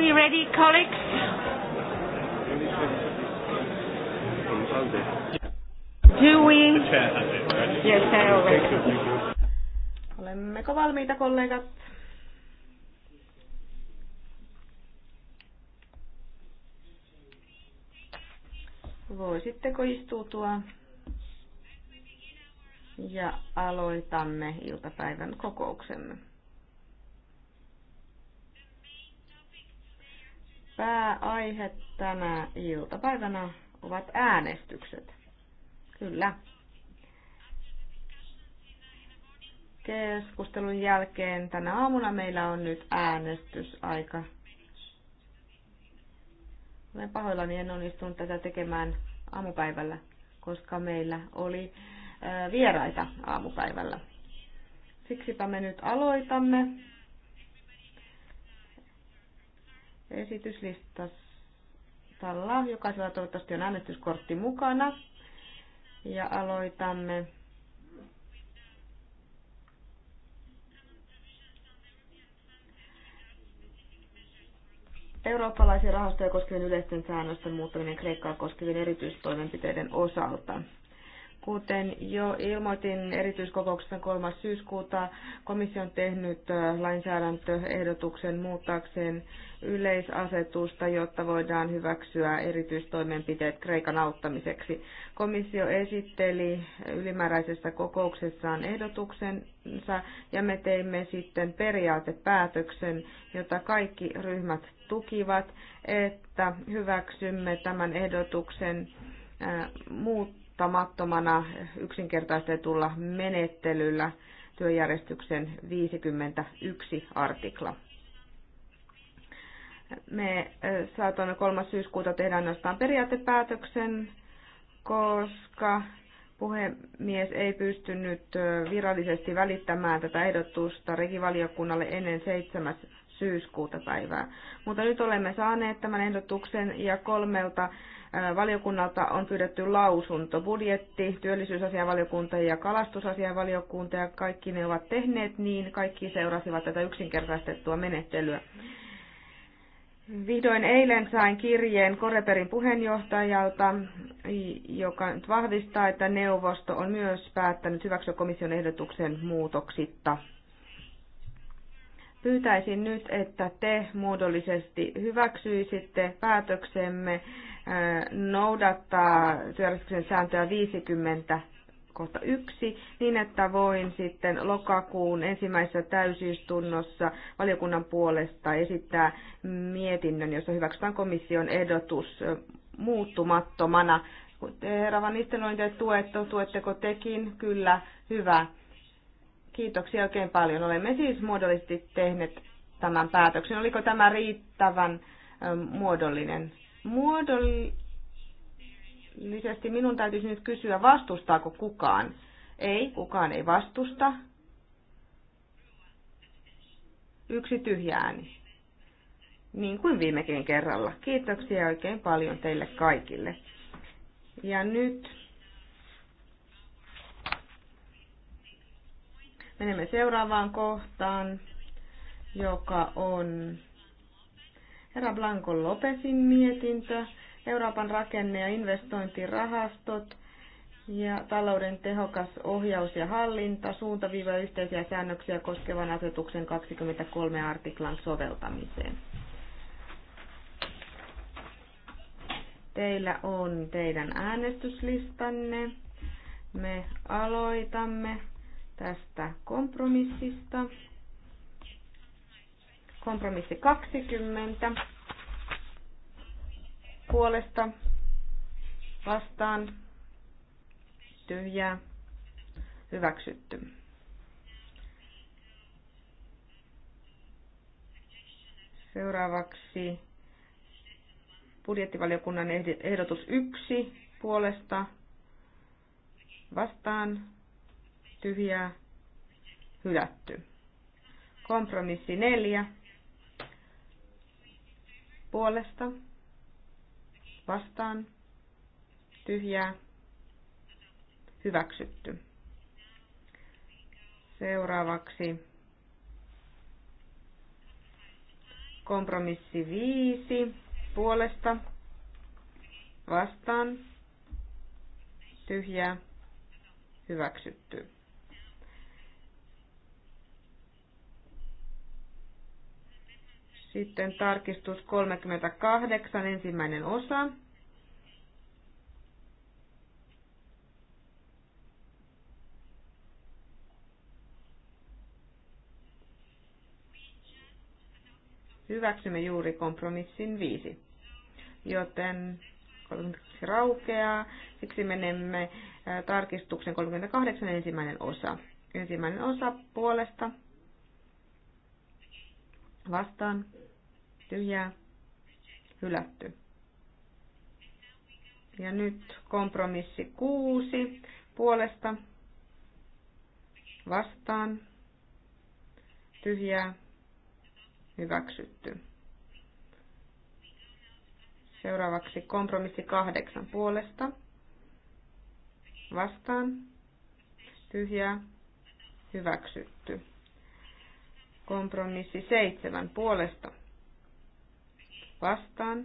we ready, colleagues? Do we? Yes, I already. Olemmeko valmiita, kollegat? Voisitteko istutua? Ja aloitamme iltapäivän kokouksemme. pääaihe tänä iltapäivänä ovat äänestykset. Kyllä. Keskustelun jälkeen tänä aamuna meillä on nyt äänestysaika. Olen pahoillani, en onnistunut tätä tekemään aamupäivällä, koska meillä oli vieraita aamupäivällä. Siksipä me nyt aloitamme. esityslistalla. Jokaisella toivottavasti on äänestyskortti mukana. Ja aloitamme eurooppalaisia rahastoja koskevien yleisten säännösten muuttaminen Kreikkaa koskevien erityistoimenpiteiden osalta. Kuten jo ilmoitin erityiskokouksen 3. syyskuuta, komissio on tehnyt lainsäädäntöehdotuksen muuttaakseen yleisasetusta, jotta voidaan hyväksyä erityistoimenpiteet Kreikan auttamiseksi. Komissio esitteli ylimääräisessä kokouksessaan ehdotuksensa ja me teimme sitten periaatepäätöksen, jota kaikki ryhmät tukivat, että hyväksymme tämän ehdotuksen muut muuttamattomana yksinkertaistetulla menettelyllä työjärjestyksen 51 artikla. Me saatoimme 3. syyskuuta tehdä ainoastaan periaatepäätöksen, koska puhemies ei pystynyt virallisesti välittämään tätä ehdotusta regivaliokunnalle ennen 7. syyskuuta päivää. Mutta nyt olemme saaneet tämän ehdotuksen ja kolmelta valiokunnalta on pyydetty lausunto. Budjetti, työllisyysasiavaliokunta ja kalastusasiavaliokunta ja kaikki ne ovat tehneet niin, kaikki seurasivat tätä yksinkertaistettua menettelyä. Vihdoin eilen sain kirjeen Koreperin puheenjohtajalta, joka nyt vahvistaa, että neuvosto on myös päättänyt hyväksyä komission ehdotuksen muutoksitta. Pyytäisin nyt, että te muodollisesti hyväksyisitte päätöksemme noudattaa työjärjestyksen sääntöä 50 kohta yksi, niin että voin sitten lokakuun ensimmäisessä täysistunnossa valiokunnan puolesta esittää mietinnön, jossa hyväksytään komission ehdotus muuttumattomana. Herra Van Nistelrooy, te tuettu, tuetteko tekin? Kyllä, hyvä. Kiitoksia oikein paljon. Olemme siis muodollisesti tehneet tämän päätöksen. Oliko tämä riittävän muodollinen Muodollisesti minun täytyisi nyt kysyä, vastustaako kukaan? Ei, kukaan ei vastusta. Yksi tyhjä ääni. Niin kuin viimekin kerralla. Kiitoksia oikein paljon teille kaikille. Ja nyt menemme seuraavaan kohtaan, joka on Herra Blanco Lopesin mietintö, Euroopan rakenne- ja investointirahastot ja talouden tehokas ohjaus ja hallinta, suuntaviiva yhteisiä säännöksiä koskevan asetuksen 23 artiklan soveltamiseen. Teillä on teidän äänestyslistanne. Me aloitamme tästä kompromissista. Kompromissi 20 puolesta vastaan tyhjää hyväksytty. Seuraavaksi budjettivaliokunnan ehdotus 1 puolesta vastaan tyhjää hylätty. Kompromissi 4 puolesta vastaan tyhjää hyväksytty. Seuraavaksi kompromissi viisi puolesta vastaan tyhjää hyväksytty. Sitten tarkistus 38, ensimmäinen osa. Hyväksymme juuri kompromissin 5. Joten 32 raukeaa. Siksi menemme tarkistuksen 38 ensimmäinen osa. Ensimmäinen osa puolesta vastaan tyhjää, hylätty. Ja nyt kompromissi kuusi puolesta vastaan, tyhjää, hyväksytty. Seuraavaksi kompromissi kahdeksan puolesta. Vastaan. Tyhjää. Hyväksytty. Kompromissi seitsemän puolesta vastaan,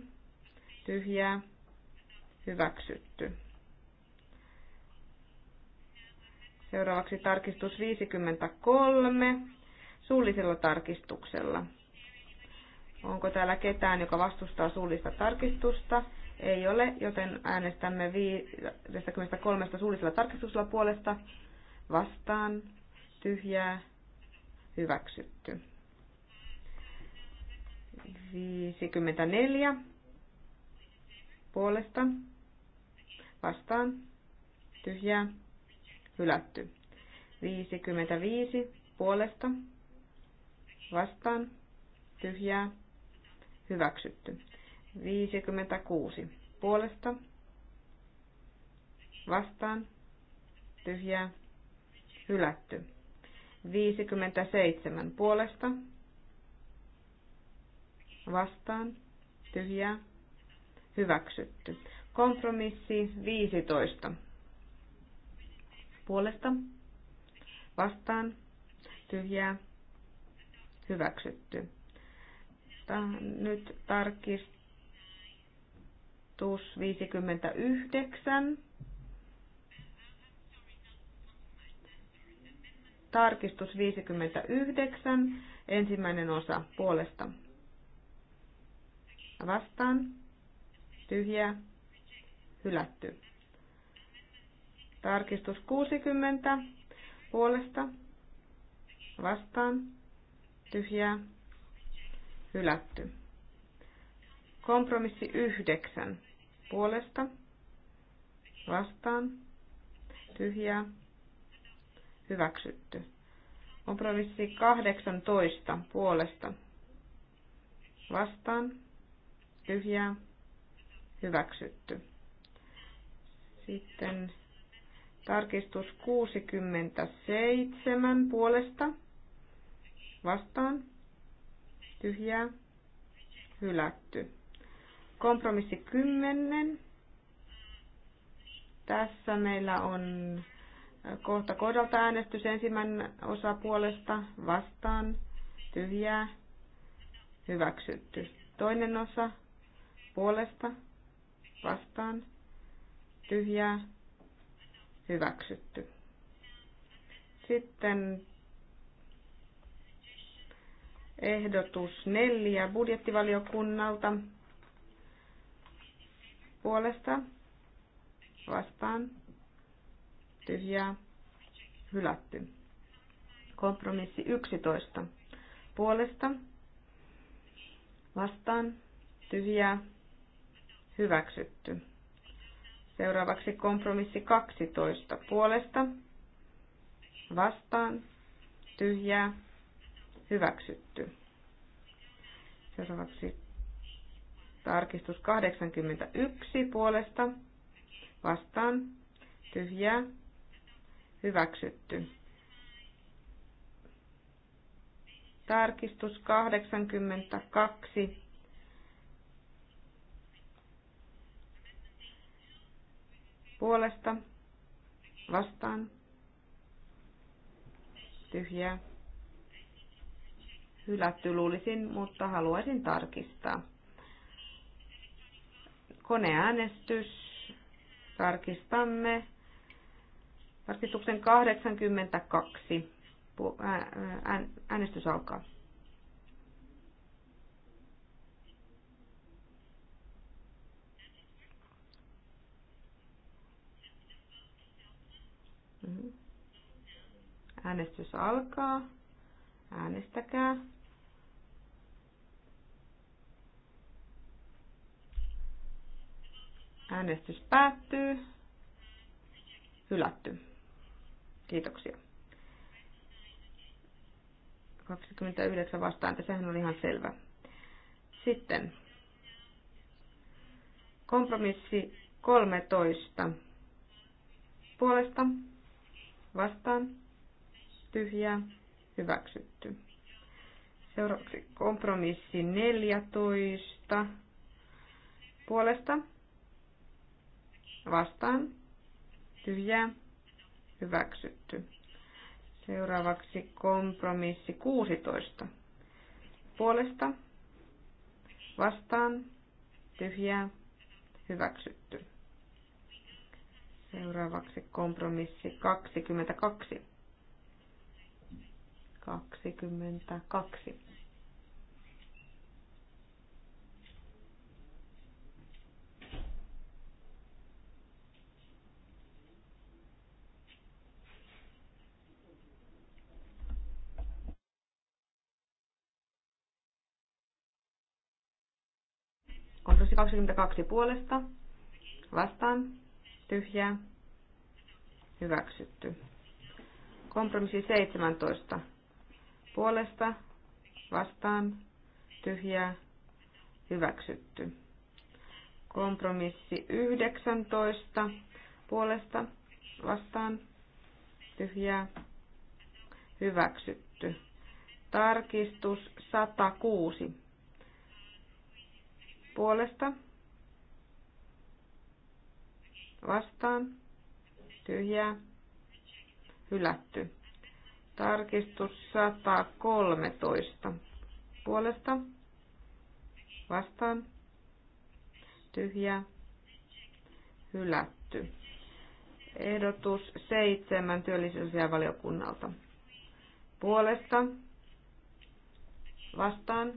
tyhjää, hyväksytty. Seuraavaksi tarkistus 53 suullisella tarkistuksella. Onko täällä ketään, joka vastustaa suullista tarkistusta? Ei ole, joten äänestämme 53 suullisella tarkistuksella puolesta vastaan, tyhjää, hyväksytty. 54 puolesta vastaan tyhjää hylätty. 55 puolesta vastaan tyhjää hyväksytty. 56 puolesta vastaan tyhjää hylätty. 57 puolesta vastaan, tyhjää, hyväksytty. Kompromissi 15. Puolesta, vastaan, tyhjää, hyväksytty. Nyt tarkistus 59. Tarkistus 59, ensimmäinen osa puolesta vastaan, tyhjä hylätty. Tarkistus 60 puolesta vastaan, tyhjä hylätty. Kompromissi 9 puolesta vastaan, tyhjä hyväksytty. Kompromissi 18 puolesta vastaan, tyhjää, hyväksytty. Sitten tarkistus 67 puolesta vastaan, tyhjää, hylätty. Kompromissi 10. Tässä meillä on kohta kohdalta äänestys ensimmäinen osa puolesta vastaan, tyhjää, hyväksytty. Toinen osa puolesta vastaan tyhjää hyväksytty. Sitten ehdotus neljä budjettivaliokunnalta puolesta vastaan tyhjää hylätty. Kompromissi 11 puolesta vastaan tyhjää Hyväksytty. Seuraavaksi kompromissi 12 puolesta. Vastaan. Tyhjää. Hyväksytty. Seuraavaksi tarkistus 81 puolesta. Vastaan. Tyhjää. Hyväksytty. Tarkistus 82 puolesta vastaan tyhjää hylätty luulisin, mutta haluaisin tarkistaa. Koneäänestys. Tarkistamme. Tarkistuksen 82. Äänestys alkaa. Mm-hmm. Äänestys alkaa. Äänestäkää. Äänestys päättyy. Hylätty. Kiitoksia. 29 vastaan, sehän oli ihan selvä. Sitten kompromissi 13 puolesta vastaan, tyhjää, hyväksytty. Seuraavaksi kompromissi 14 puolesta, vastaan, tyhjää, hyväksytty. Seuraavaksi kompromissi 16 puolesta, vastaan, tyhjää, hyväksytty. Seuraavaksi kompromissi 22. 22. Kompromissi 22 puolesta. Vastaan tyhjää, hyväksytty. Kompromissi 17 puolesta, vastaan, tyhjää, hyväksytty. Kompromissi 19 puolesta, vastaan, tyhjää, hyväksytty. Tarkistus 106 puolesta, vastaan, tyhjää, hylätty. Tarkistus 113 puolesta, vastaan, tyhjää, hylätty. Ehdotus 7 työllisyysvaliokunnalta puolesta, vastaan,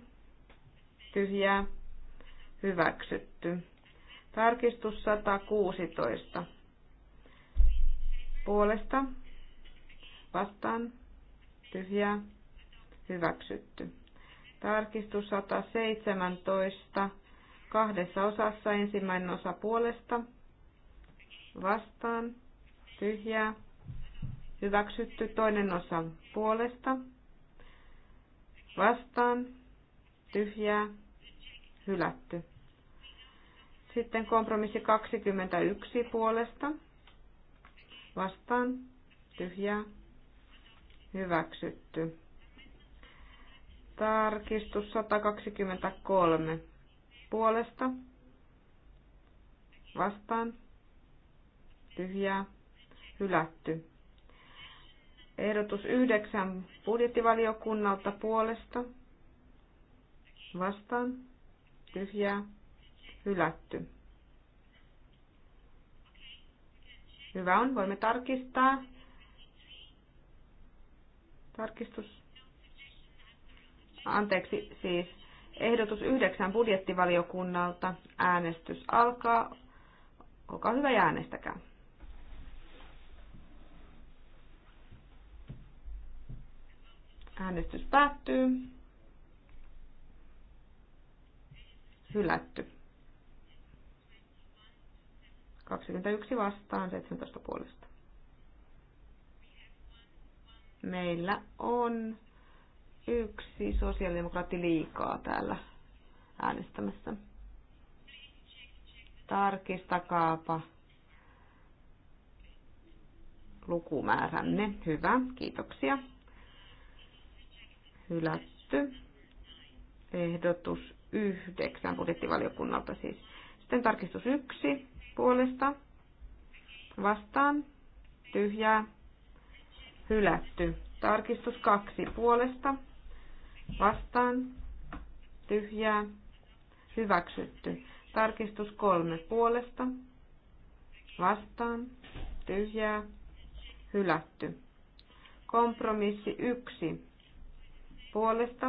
tyhjää, hyväksytty. Tarkistus 116. Puolesta. Vastaan. Tyhjää. Hyväksytty. Tarkistus 117. Kahdessa osassa ensimmäinen osa puolesta. Vastaan. Tyhjää. Hyväksytty toinen osa puolesta. Vastaan. Tyhjää. Hylätty. Sitten kompromissi 21 puolesta. Vastaan. Tyhjää. Hyväksytty. Tarkistus 123 puolesta. Vastaan. Tyhjää. Hylätty. Ehdotus 9 budjettivaliokunnalta puolesta. Vastaan. Tyhjää hylätty. Hyvä on, voimme tarkistaa. Tarkistus. Anteeksi, siis ehdotus yhdeksän budjettivaliokunnalta. Äänestys alkaa. Olkaa hyvä ja äänestäkää. Äänestys päättyy. Hylätty. 21 vastaan, 17 puolesta. Meillä on yksi sosiaalidemokraatti liikaa täällä äänestämässä. Tarkistakaapa lukumääränne. Hyvä, kiitoksia. Hylätty. Ehdotus yhdeksän budjettivaliokunnalta siis. Sitten tarkistus yksi puolesta vastaan tyhjää hylätty. Tarkistus kaksi puolesta vastaan tyhjää hyväksytty. Tarkistus kolme puolesta vastaan tyhjää hylätty. Kompromissi yksi puolesta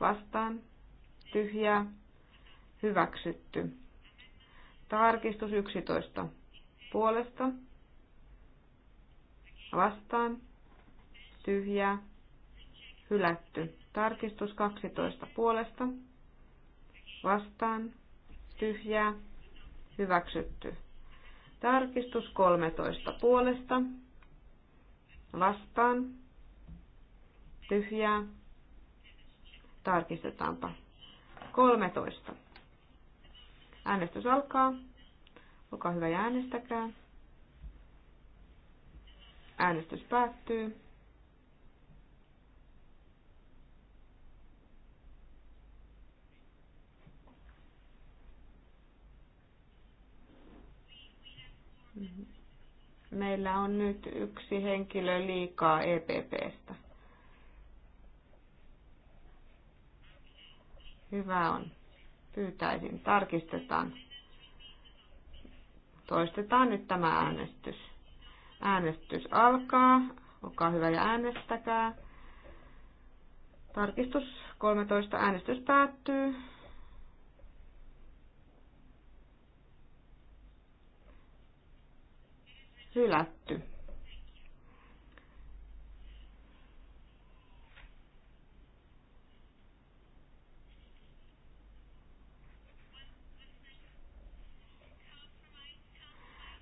vastaan tyhjää hyväksytty. Tarkistus 11. Puolesta. Vastaan. Tyhjää. Hylätty. Tarkistus 12. Puolesta. Vastaan. Tyhjää. Hyväksytty. Tarkistus 13. Puolesta. Vastaan. Tyhjää. Tarkistetaanpa. 13. Äänestys alkaa. Olkaa hyvä ja äänestäkää. Äänestys päättyy. Meillä on nyt yksi henkilö liikaa EPPstä. Hyvä on pyytäisin. Tarkistetaan. Toistetaan nyt tämä äänestys. Äänestys alkaa. Olkaa hyvä ja äänestäkää. Tarkistus 13. Äänestys päättyy. Hylätty.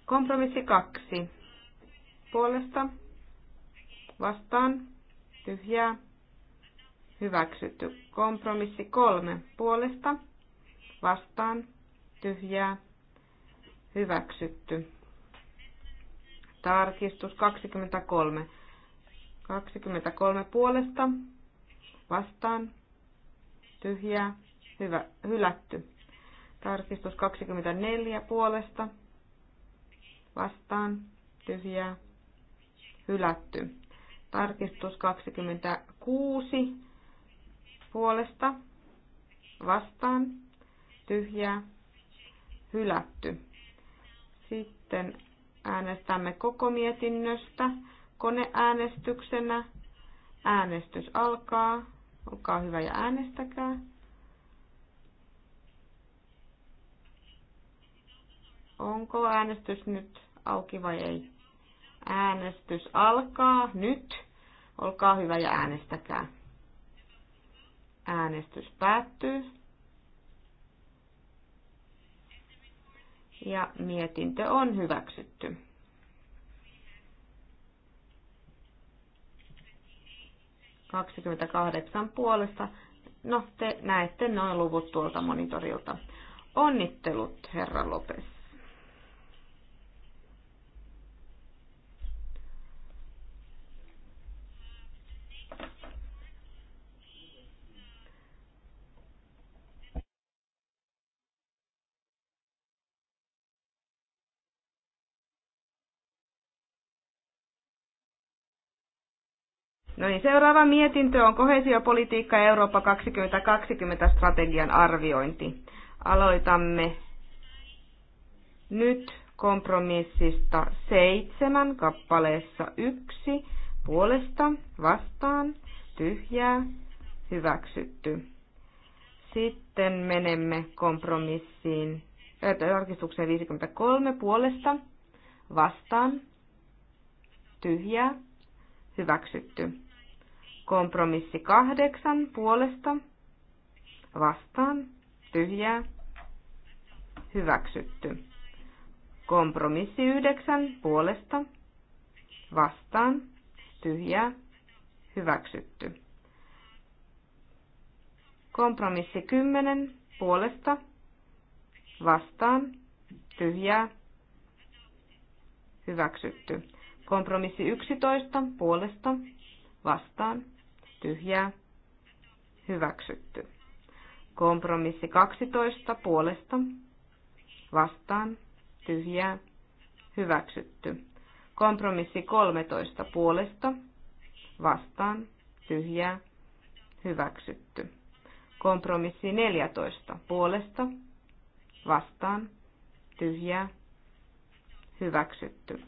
Kompromissi kaksi. Puolesta vastaan tyhjää hyväksytty. Kompromissi kolme. Puolesta vastaan tyhjää hyväksytty. Tarkistus 23. 23 puolesta vastaan tyhjää hyvä, hylätty. Tarkistus 24 puolesta vastaan, tyhjä hylätty. Tarkistus 26 puolesta, vastaan, tyhjä hylätty. Sitten äänestämme koko mietinnöstä koneäänestyksenä. Äänestys alkaa. Olkaa hyvä ja äänestäkää. Onko äänestys nyt auki vai ei? Äänestys alkaa nyt. Olkaa hyvä ja äänestäkää. Äänestys päättyy. Ja mietintö on hyväksytty. kahdeksan puolesta. No, te näette noin luvut tuolta monitorilta. Onnittelut, herra Lopes. No niin, seuraava mietintö on kohesiopolitiikka Eurooppa 2020 strategian arviointi. Aloitamme nyt kompromissista seitsemän kappaleessa yksi puolesta vastaan tyhjää hyväksytty. Sitten menemme kompromissiin tarkistukseen 53 puolesta vastaan tyhjää hyväksytty. Kompromissi kahdeksan puolesta vastaan tyhjää hyväksytty. Kompromissi yhdeksän puolesta vastaan tyhjää hyväksytty. Kompromissi kymmenen puolesta vastaan tyhjää hyväksytty. Kompromissi 11 puolesta vastaan tyhjää, hyväksytty. Kompromissi 12 puolesta, vastaan, tyhjää, hyväksytty. Kompromissi 13 puolesta, vastaan, tyhjää, hyväksytty. Kompromissi 14 puolesta, vastaan, tyhjää, hyväksytty.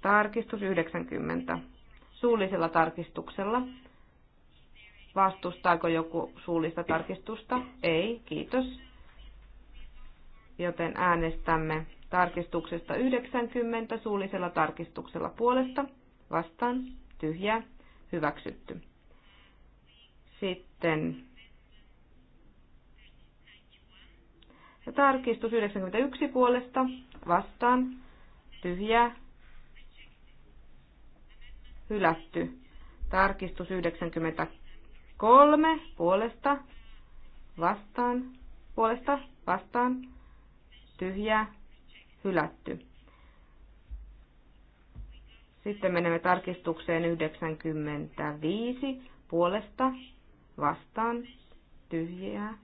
Tarkistus 90 suullisella tarkistuksella. Vastustaako joku suullista tarkistusta? Ei, kiitos. Joten äänestämme tarkistuksesta 90 suullisella tarkistuksella puolesta. Vastaan. Tyhjä. Hyväksytty. Sitten ja tarkistus 91 puolesta. Vastaan. Tyhjä hylätty. Tarkistus 93 puolesta vastaan, puolesta vastaan, tyhjä, hylätty. Sitten menemme tarkistukseen 95 puolesta vastaan, tyhjä,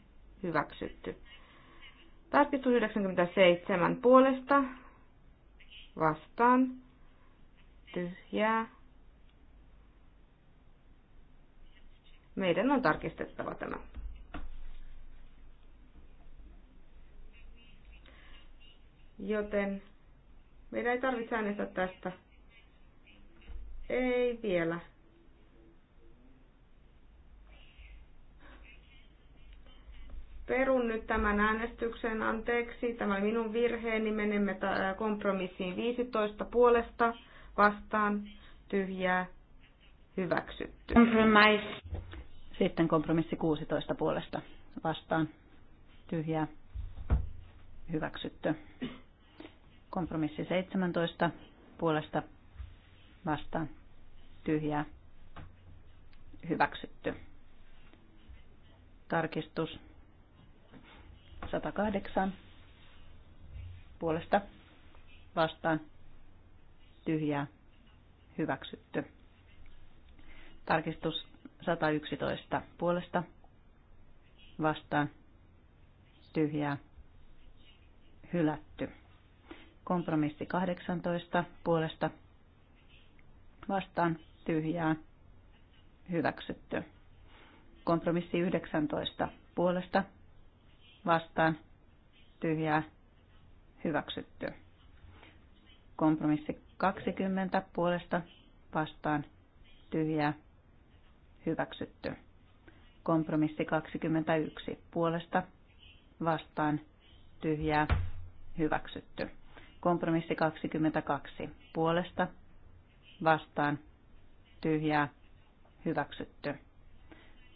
hyväksytty. Tarkistus 97 puolesta vastaan, tyhjää, meidän on tarkistettava tämä. Joten meidän ei tarvitse äänestää tästä. Ei vielä. Perun nyt tämän äänestyksen, anteeksi, tämä oli minun virheeni, menemme äh, kompromissiin 15 puolesta vastaan, tyhjää, hyväksytty. Compromise. Sitten kompromissi 16 puolesta vastaan tyhjää hyväksytty. Kompromissi 17 puolesta vastaan tyhjää hyväksytty. Tarkistus 108 puolesta vastaan tyhjää hyväksytty. Tarkistus 111 puolesta vastaan tyhjää hylätty. Kompromissi 18 puolesta vastaan tyhjää hyväksytty. Kompromissi 19 puolesta vastaan tyhjää hyväksytty. Kompromissi 20 puolesta vastaan tyhjää hyväksytty. Kompromissi 21 puolesta vastaan tyhjää hyväksytty. Kompromissi 22 puolesta vastaan tyhjää hyväksytty.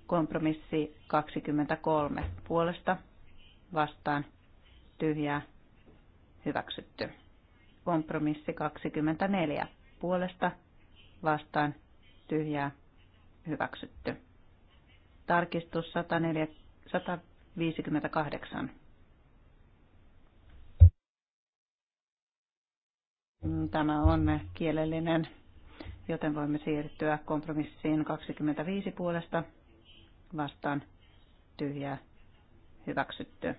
Kompromissi 23 puolesta vastaan tyhjää hyväksytty. Kompromissi 24 puolesta vastaan tyhjää hyväksytty. Tarkistus 104, 158. Tämä on kielellinen, joten voimme siirtyä kompromissiin 25 puolesta vastaan tyhjää hyväksytty.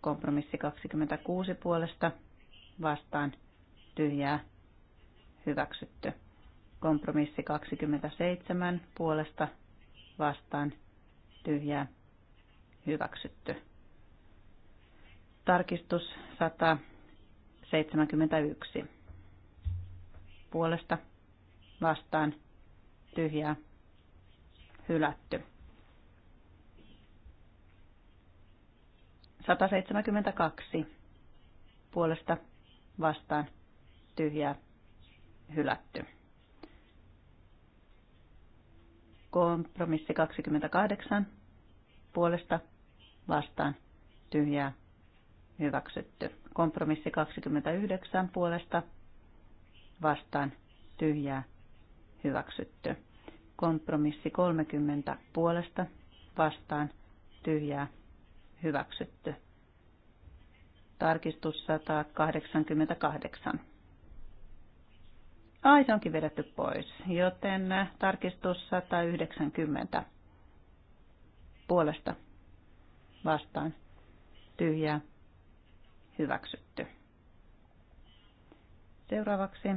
Kompromissi 26 puolesta vastaan tyhjää hyväksytty. Kompromissi 27 puolesta vastaan tyhjää hyväksytty. Tarkistus 171 puolesta vastaan tyhjää hylätty. 172 puolesta vastaan tyhjää hylätty. Kompromissi 28 puolesta vastaan tyhjää hyväksytty. Kompromissi 29 puolesta vastaan tyhjää hyväksytty. Kompromissi 30 puolesta vastaan tyhjää hyväksytty. Tarkistus 188 Ai, se onkin vedetty pois, joten äh, tarkistus 190 puolesta vastaan tyhjää hyväksytty. Seuraavaksi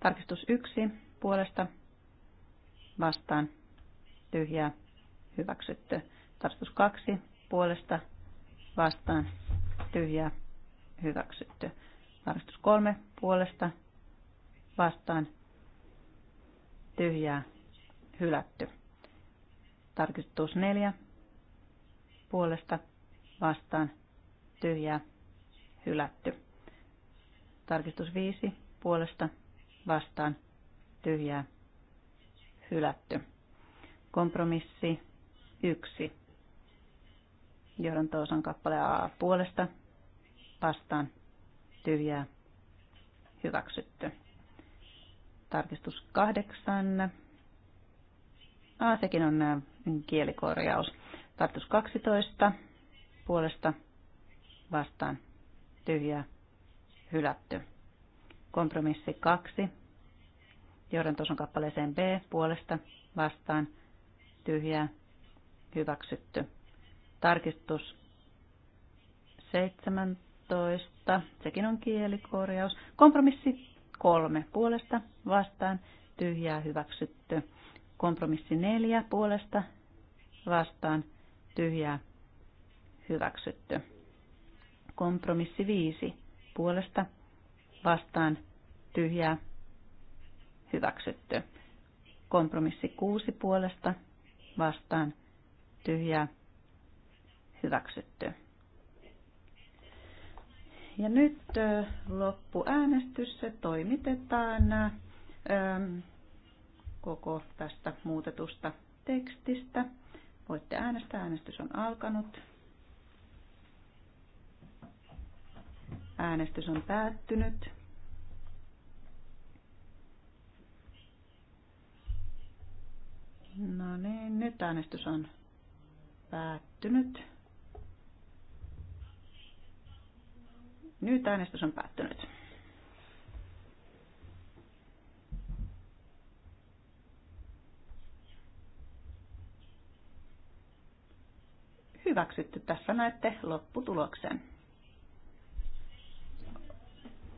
tarkistus 1 puolesta vastaan tyhjää hyväksytty. Tarkistus 2 puolesta vastaan tyhjää hyväksytty. Tarkistus kolme puolesta vastaan tyhjää hylätty. Tarkistus neljä puolesta vastaan tyhjää hylätty. Tarkistus viisi puolesta vastaan tyhjää hylätty. Kompromissi yksi. Johdon toisen kappale A puolesta vastaan tyhjää hyväksytty. Tarkistus kahdeksan. Ah, sekin on äh, kielikorjaus. Tarkistus 12 puolesta vastaan tyhjää hylätty. Kompromissi 2. tuossa kappaleeseen B puolesta vastaan tyhjää hyväksytty. Tarkistus 17 15, Sekin on kielikorjaus. Kompromissi 3 puolesta vastaan tyhjää hyväksytty. Kompromissi 4 puolesta vastaan tyhjää hyväksytty. Kompromissi 5 puolesta vastaan tyhjää hyväksytty. Kompromissi 6 puolesta vastaan tyhjää hyväksytty. Ja nyt loppuäänestys se toimitetaan koko tästä muutetusta tekstistä. Voitte äänestää, äänestys on alkanut. Äänestys on päättynyt. No niin, nyt äänestys on päättynyt. Nyt äänestys on päättynyt. Hyväksytty. Tässä näette lopputuloksen.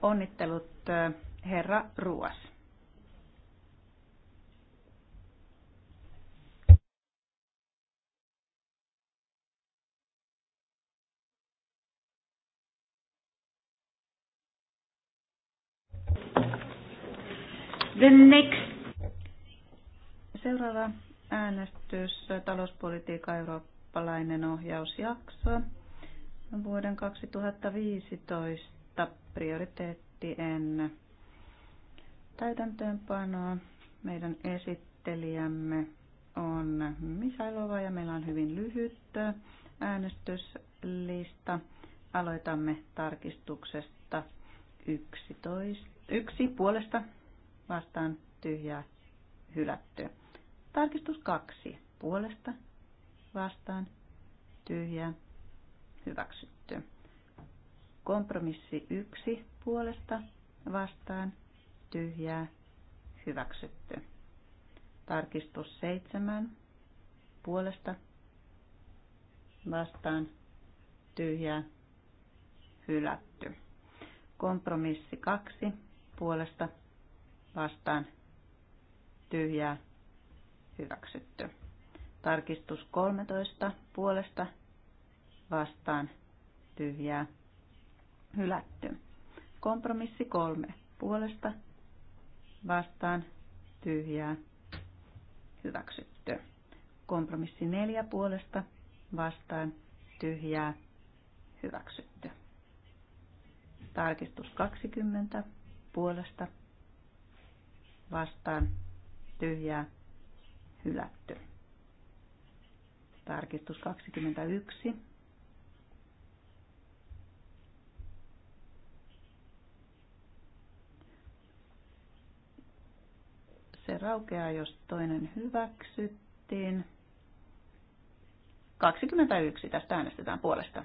Onnittelut eh, herra Ruas. The next. Seuraava äänestys, talouspolitiikka eurooppalainen ohjausjakso vuoden 2015 en täytäntöönpanoa. Meidän esittelijämme on Misailova ja meillä on hyvin lyhyt äänestyslista. Aloitamme tarkistuksesta 11. Yksi puolesta vastaan tyhjää hylätty. Tarkistus kaksi puolesta vastaan tyhjää hyväksytty. Kompromissi yksi puolesta vastaan tyhjää hyväksytty. Tarkistus seitsemän puolesta vastaan tyhjää hylätty. Kompromissi kaksi puolesta vastaan tyhjää hyväksytty. Tarkistus 13 puolesta vastaan tyhjää hylätty. Kompromissi 3 puolesta vastaan tyhjää hyväksytty. Kompromissi 4 puolesta vastaan tyhjää hyväksytty. Tarkistus 20 puolesta vastaan tyhjää hylätty. Tarkistus 21. Se raukeaa, jos toinen hyväksyttiin. 21. Tästä äänestetään puolesta.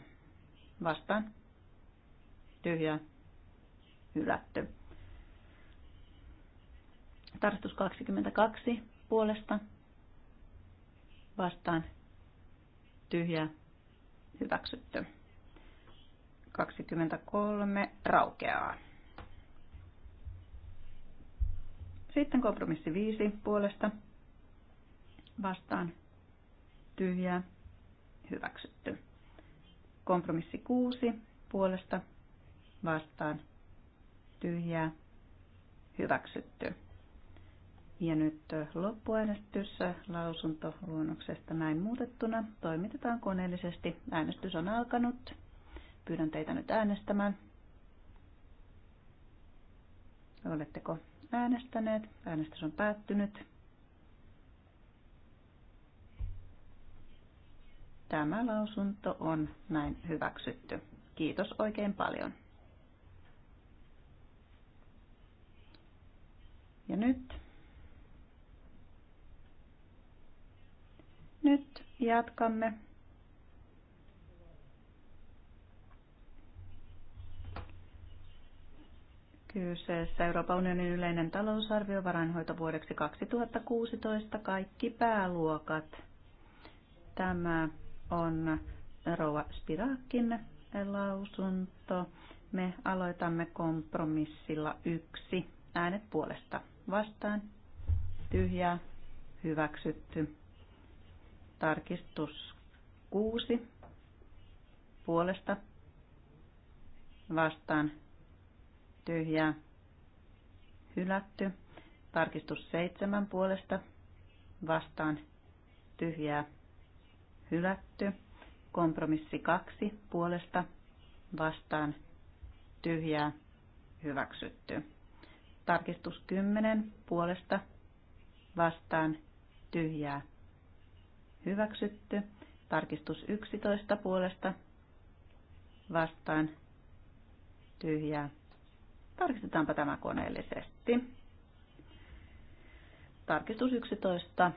Vastaan. tyhjä Hylätty. Tarkistus 22 puolesta vastaan tyhjä hyväksytty. 23 raukeaa. Sitten kompromissi 5 puolesta vastaan tyhjää hyväksytty. Kompromissi 6 puolesta vastaan tyhjää hyväksytty. Ja nyt lausunto lausuntoluonnoksesta näin muutettuna toimitetaan koneellisesti. Äänestys on alkanut. Pyydän teitä nyt äänestämään. Oletteko äänestäneet? Äänestys on päättynyt. Tämä lausunto on näin hyväksytty. Kiitos oikein paljon. Ja nyt Nyt jatkamme. Kyseessä Euroopan unionin yleinen talousarvio vuodeksi 2016 kaikki pääluokat. Tämä on Rova Spirakin lausunto. Me aloitamme kompromissilla yksi. Äänet puolesta vastaan. Tyhjää. Hyväksytty. Tarkistus 6 puolesta vastaan tyhjää hylätty. Tarkistus 7 puolesta vastaan tyhjää hylätty. Kompromissi 2 puolesta vastaan tyhjää hyväksytty. Tarkistus 10 puolesta vastaan tyhjää hyväksytty. Tarkistus 11 puolesta vastaan tyhjää. Tarkistetaanpa tämä koneellisesti. Tarkistus 11.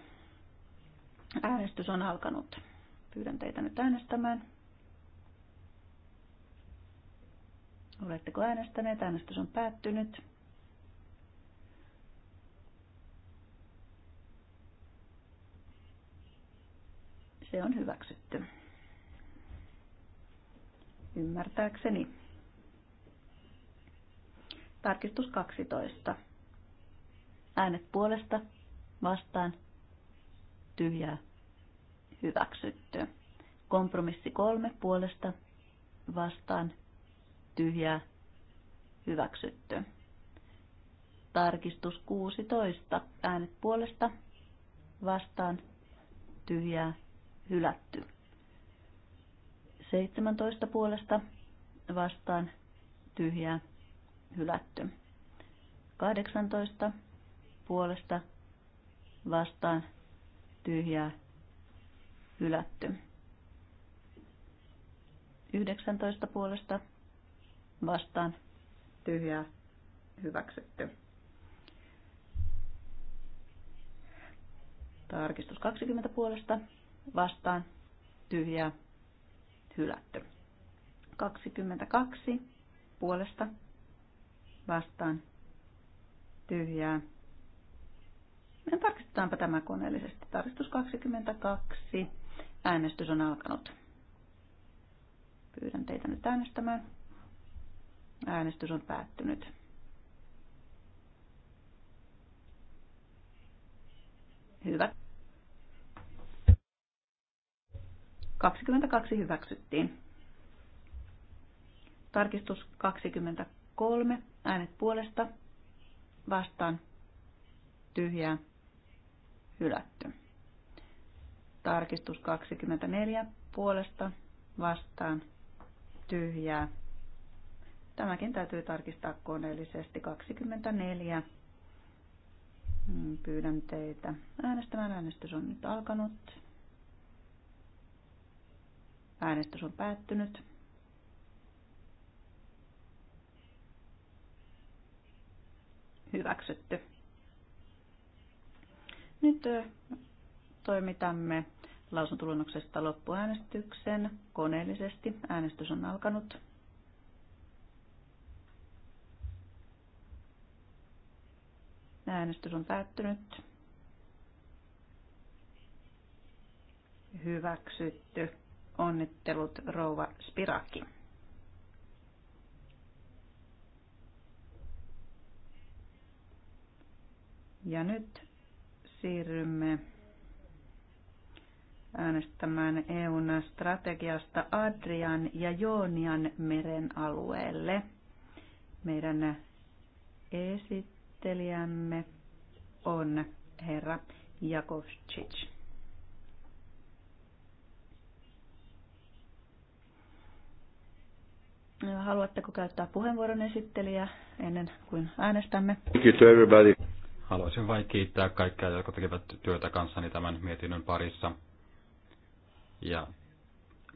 Äänestys on alkanut. Pyydän teitä nyt äänestämään. Oletteko äänestäneet? Äänestys on päättynyt. Se on hyväksytty. Ymmärtääkseni. Tarkistus 12. Äänet puolesta, vastaan, tyhjää, hyväksytty. Kompromissi 3 puolesta, vastaan, tyhjää, hyväksytty. Tarkistus 16. Äänet puolesta, vastaan, tyhjää, hylätty. 17 puolesta vastaan tyhjää hylätty. 18 puolesta vastaan tyhjää hylätty. 19 puolesta vastaan tyhjää hyväksytty. Tarkistus 20 puolesta vastaan tyhjää hylätty. 22 puolesta vastaan tyhjää. Me tarkistetaanpa tämä koneellisesti. Tarkistus 22. Äänestys on alkanut. Pyydän teitä nyt äänestämään. Äänestys on päättynyt. Hyvä. 22 hyväksyttiin. Tarkistus 23. Äänet puolesta. Vastaan. Tyhjää. Hylätty. Tarkistus 24. Puolesta. Vastaan. Tyhjää. Tämäkin täytyy tarkistaa koneellisesti. 24. Mm, pyydän teitä äänestämään. Äänestys on nyt alkanut. Äänestys on päättynyt. Hyväksytty. Nyt toimitamme lausuntulunnoksesta loppuäänestyksen koneellisesti. Äänestys on alkanut. Äänestys on päättynyt. Hyväksytty. Onnittelut rouva Spiraki. Ja nyt siirrymme äänestämään EUn strategiasta Adrian ja Joonian meren alueelle. Meidän esittelijämme on herra Jakovčić. Haluatteko käyttää puheenvuoron esittelijä ennen kuin äänestämme? Thank everybody. Haluaisin vain kiittää kaikkia, jotka tekevät työtä kanssani tämän mietinnön parissa. Ja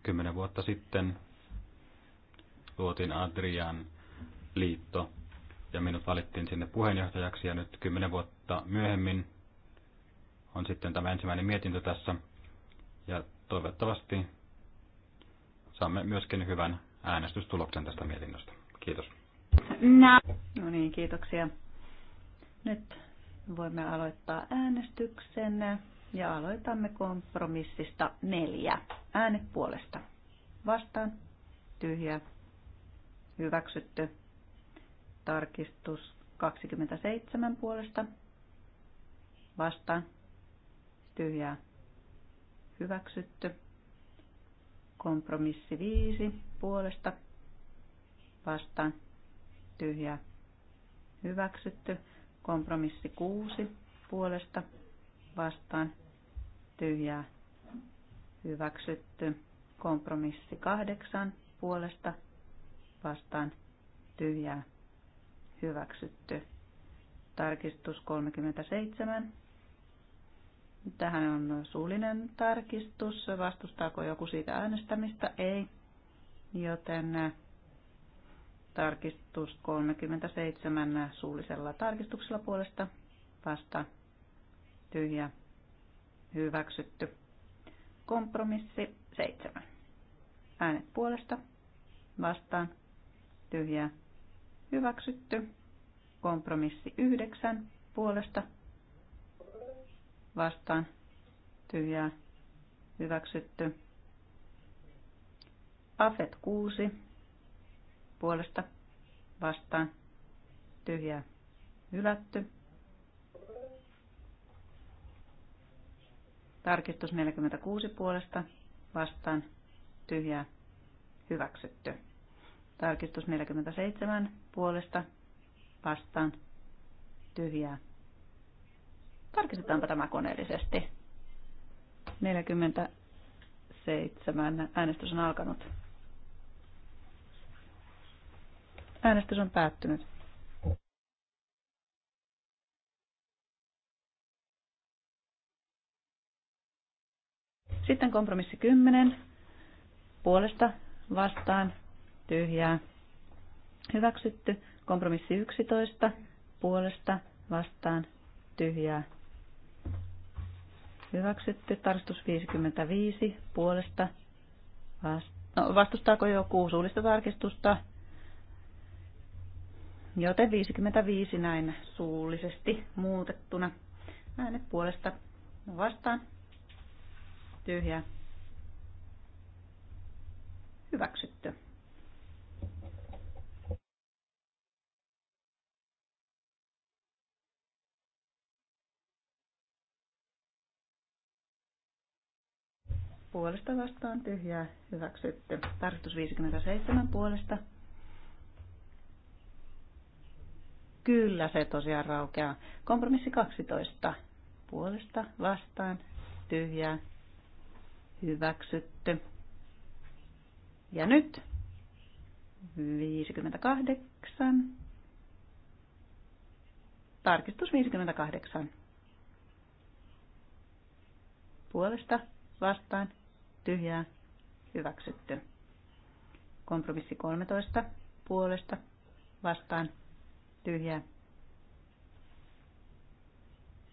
kymmenen vuotta sitten luotiin Adrian liitto ja minut valittiin sinne puheenjohtajaksi ja nyt kymmenen vuotta myöhemmin on sitten tämä ensimmäinen mietintö tässä ja toivottavasti saamme myöskin hyvän äänestystuloksen tästä mietinnöstä. Kiitos. No, no niin, kiitoksia. Nyt voimme aloittaa äänestyksen ja aloitamme kompromissista neljä. Äänet puolesta. Vastaan. Tyhjä. Hyväksytty. Tarkistus 27 puolesta. Vastaan. Tyhjää. Hyväksytty. Kompromissi 5 puolesta vastaan tyhjä hyväksytty. Kompromissi 6 puolesta vastaan tyhjä hyväksytty. Kompromissi 8 puolesta vastaan tyhjä hyväksytty. Tarkistus 37 Tähän on suullinen tarkistus. Vastustaako joku siitä äänestämistä? Ei. Joten äh, tarkistus 37 suullisella tarkistuksella puolesta vasta tyhjä hyväksytty. Kompromissi 7. Äänet puolesta vastaan tyhjä hyväksytty. Kompromissi 9 puolesta vastaan tyhjää hyväksytty. Afet 6 puolesta vastaan tyhjää hylätty. Tarkistus 46 puolesta vastaan tyhjää hyväksytty. Tarkistus 47 puolesta vastaan tyhjää Tarkistetaanpa tämä koneellisesti. 47. Äänestys on alkanut. Äänestys on päättynyt. Sitten kompromissi 10. Puolesta vastaan tyhjää. Hyväksytty. Kompromissi 11. Puolesta vastaan tyhjää. Hyväksytty. Tarkistus 55 puolesta. No, vastustaako joku suullista tarkistusta? Joten 55 näin suullisesti muutettuna. Äänet puolesta vastaan. Tyhjä. Hyväksytty. puolesta vastaan tyhjää hyväksytty. Tarkistus 57 puolesta. Kyllä se tosiaan raukeaa. Kompromissi 12 puolesta vastaan tyhjää hyväksytty. Ja nyt 58. Tarkistus 58. Puolesta vastaan tyhjää, hyväksytty. Kompromissi 13 puolesta vastaan tyhjää,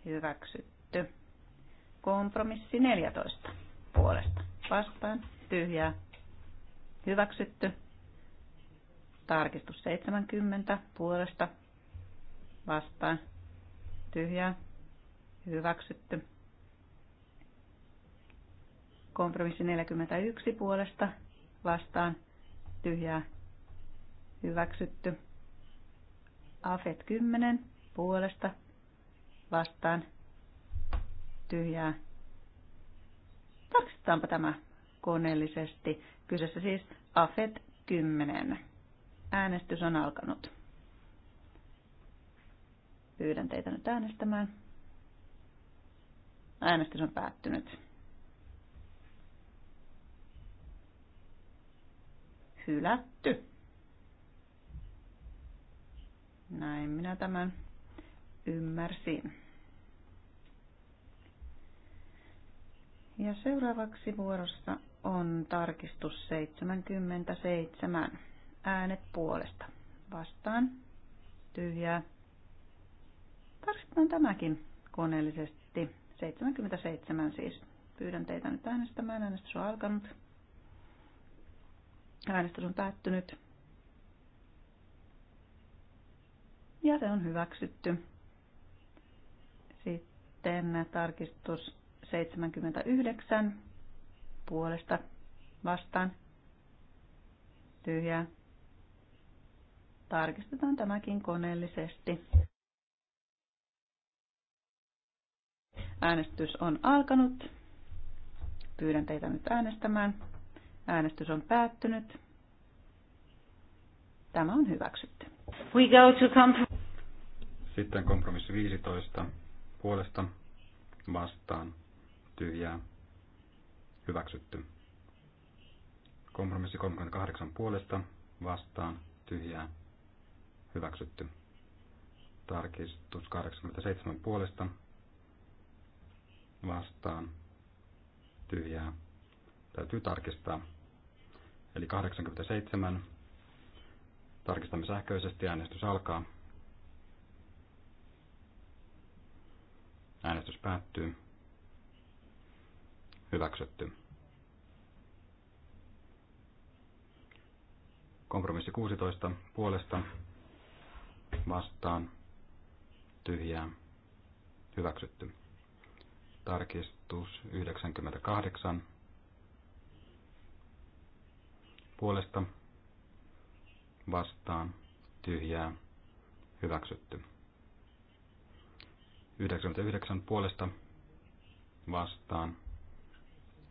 hyväksytty. Kompromissi 14 puolesta vastaan tyhjää, hyväksytty. Tarkistus 70 puolesta vastaan tyhjää, hyväksytty. Kompromissi 41 puolesta vastaan tyhjää hyväksytty. Afet 10 puolesta vastaan tyhjää. Tarkistetaanpa tämä koneellisesti. Kyseessä siis Afet 10. Äänestys on alkanut. Pyydän teitä nyt äänestämään. Äänestys on päättynyt. hylätty. Näin minä tämän ymmärsin. Ja seuraavaksi vuorossa on tarkistus 77. Äänet puolesta. Vastaan. Tyhjää. Tarkistetaan tämäkin koneellisesti. 77 siis. Pyydän teitä nyt äänestämään. Äänestys on alkanut. Äänestys on päättynyt. Ja se on hyväksytty. Sitten tarkistus 79 puolesta vastaan tyhjää. Tarkistetaan tämäkin koneellisesti. Äänestys on alkanut. Pyydän teitä nyt äänestämään. Äänestys on päättynyt. Tämä on hyväksytty. We go to comp- Sitten kompromissi 15 puolesta vastaan tyhjää hyväksytty. Kompromissi 38 puolesta vastaan tyhjää hyväksytty. Tarkistus 87 puolesta vastaan tyhjää. Täytyy tarkistaa eli 87. Tarkistamme sähköisesti, äänestys alkaa. Äänestys päättyy. Hyväksytty. Kompromissi 16 puolesta vastaan tyhjää hyväksytty. Tarkistus 98 puolesta vastaan tyhjää hyväksytty. 99 puolesta vastaan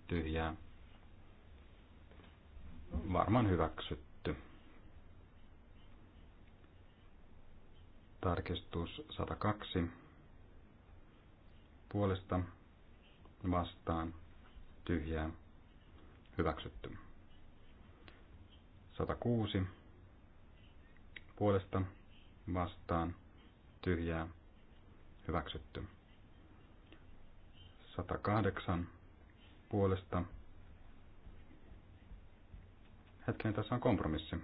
tyhjää varmaan hyväksytty. Tarkistus 102 puolesta vastaan tyhjää hyväksytty. 106 puolesta vastaan tyhjää hyväksytty. 108 puolesta. Hetken, tässä on kompromissi.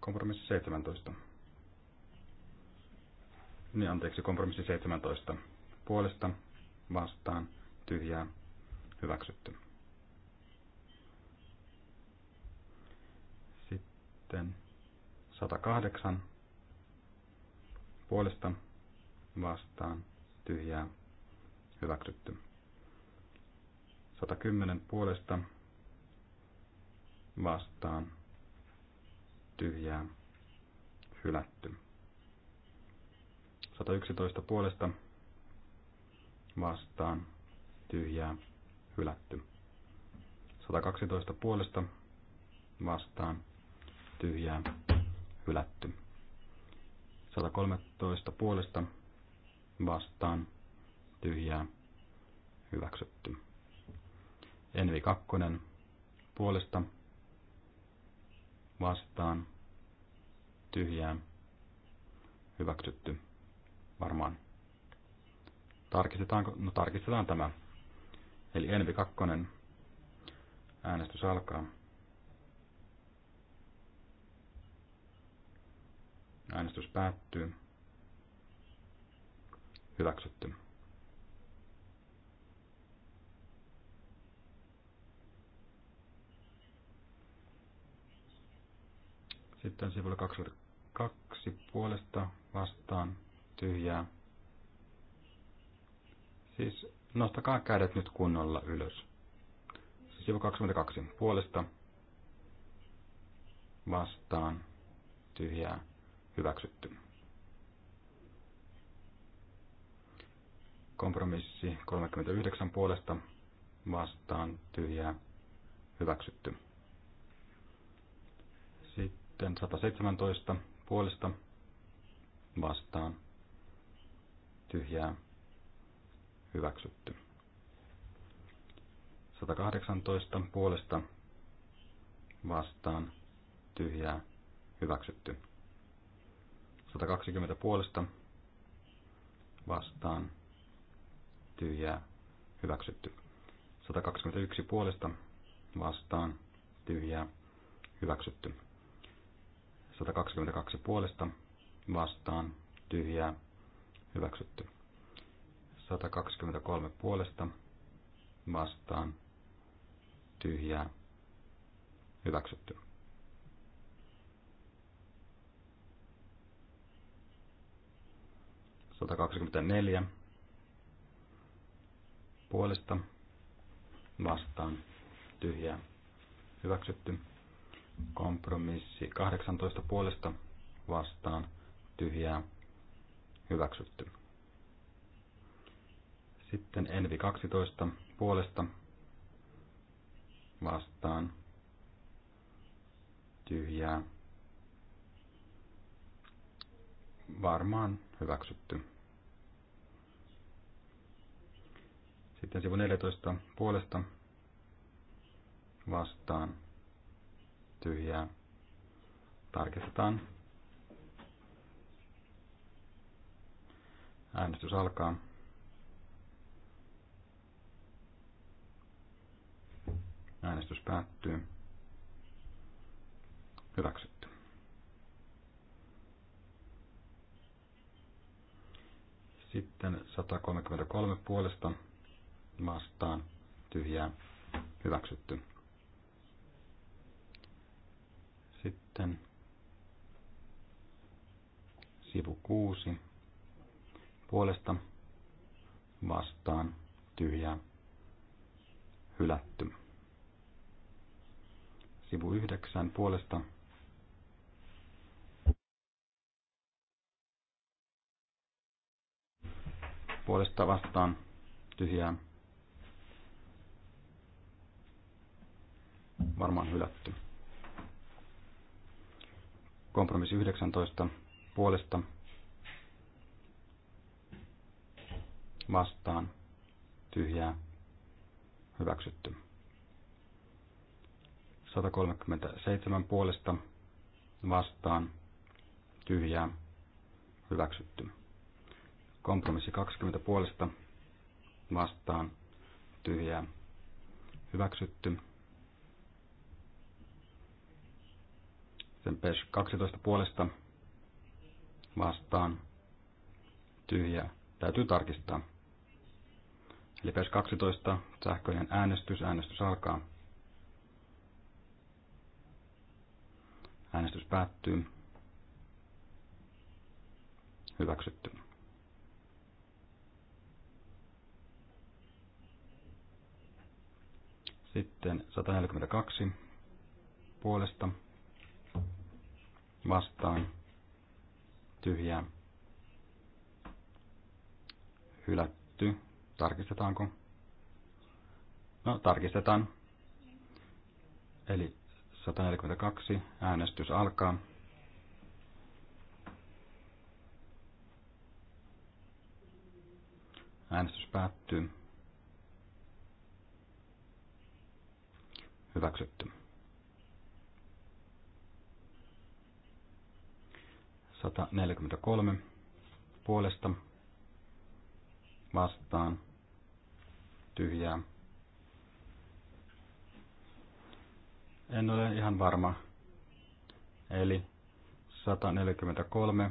Kompromissi 17. Niin, anteeksi, kompromissi 17. Puolesta, vastaan, tyhjää, hyväksytty. Sitten 108 puolesta vastaan tyhjää hyväksytty. 110 puolesta vastaan tyhjää hylätty. 111 puolesta vastaan tyhjää hylätty. 112 puolesta vastaan tyhjää hylätty. 113 puolesta vastaan tyhjää hyväksytty. Envi 2 puolesta vastaan tyhjää hyväksytty varmaan. Tarkistetaanko? No tarkistetaan tämä Eli Envi 2. Äänestys alkaa. Äänestys päättyy. Hyväksytty. Sitten sivulla 22 puolesta vastaan tyhjää. Siis Nostakaa kädet nyt kunnolla ylös. sivu siis 22 puolesta vastaan tyhjää hyväksytty. Kompromissi 39 puolesta vastaan tyhjää hyväksytty. Sitten 117 puolesta vastaan tyhjää hyväksytty. 118 puolesta vastaan tyhjää hyväksytty. 120 puolesta vastaan tyhjää hyväksytty. 121 puolesta vastaan tyhjää hyväksytty. 122 puolesta vastaan tyhjää hyväksytty. 123 puolesta vastaan tyhjää hyväksytty. Satakaksikymmentäneljä puolesta vastaan tyhjää hyväksytty. Kompromissi 18 puolesta vastaan tyhjää hyväksytty. Sitten Envi 12 puolesta vastaan tyhjää. Varmaan hyväksytty. Sitten sivu 14 puolesta vastaan tyhjää. Tarkistetaan. Äänestys alkaa. Äänestys päättyy. Hyväksytty. Sitten 133 puolesta vastaan tyhjää hyväksytty. Sitten sivu 6 puolesta vastaan tyhjää hylätty. Sivu 9 puolesta puolesta vastaan tyhjää. Varmaan hylätty. Kompromissi 19 puolesta vastaan tyhjää hyväksytty. 137 puolesta vastaan tyhjää hyväksytty. Kompromissi 20 puolesta vastaan tyhjää hyväksytty. Sen PES 12 puolesta vastaan tyhjää täytyy tarkistaa. Eli PES 12 sähköinen äänestys, äänestys alkaa. Äänestys päättyy. Hyväksytty. Sitten 142 puolesta vastaan tyhjää hylätty. Tarkistetaanko? No, tarkistetaan. Eli 142. Äänestys alkaa. Äänestys päättyy. Hyväksytty. 143 puolesta vastaan tyhjää En ole ihan varma. Eli 143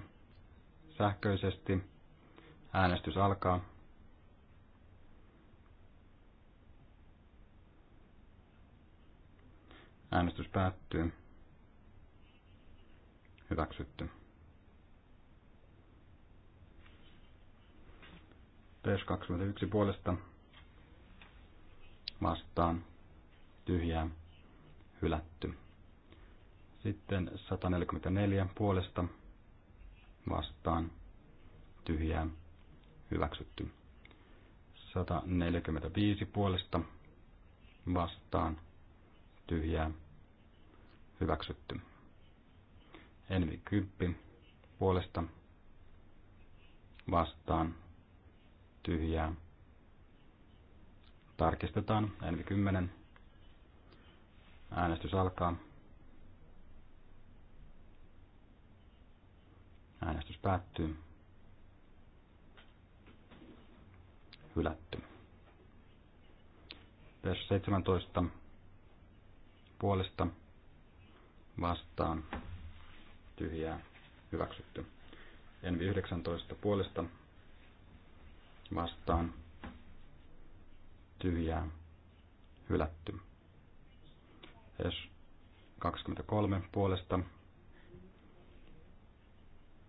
sähköisesti. Äänestys alkaa. Äänestys päättyy. Hyväksytty. ps 21 puolesta vastaan tyhjää hylätty. Sitten 144 puolesta vastaan tyhjää hyväksytty. 145 puolesta vastaan tyhjää hyväksytty. Envi 10 puolesta vastaan tyhjää. Tarkistetaan Envi 10 Äänestys alkaa. Äänestys päättyy. Hylätty. PS 17 puolesta vastaan tyhjää hyväksytty. En 19 puolesta vastaan tyhjää hylätty. Pes 23 puolesta.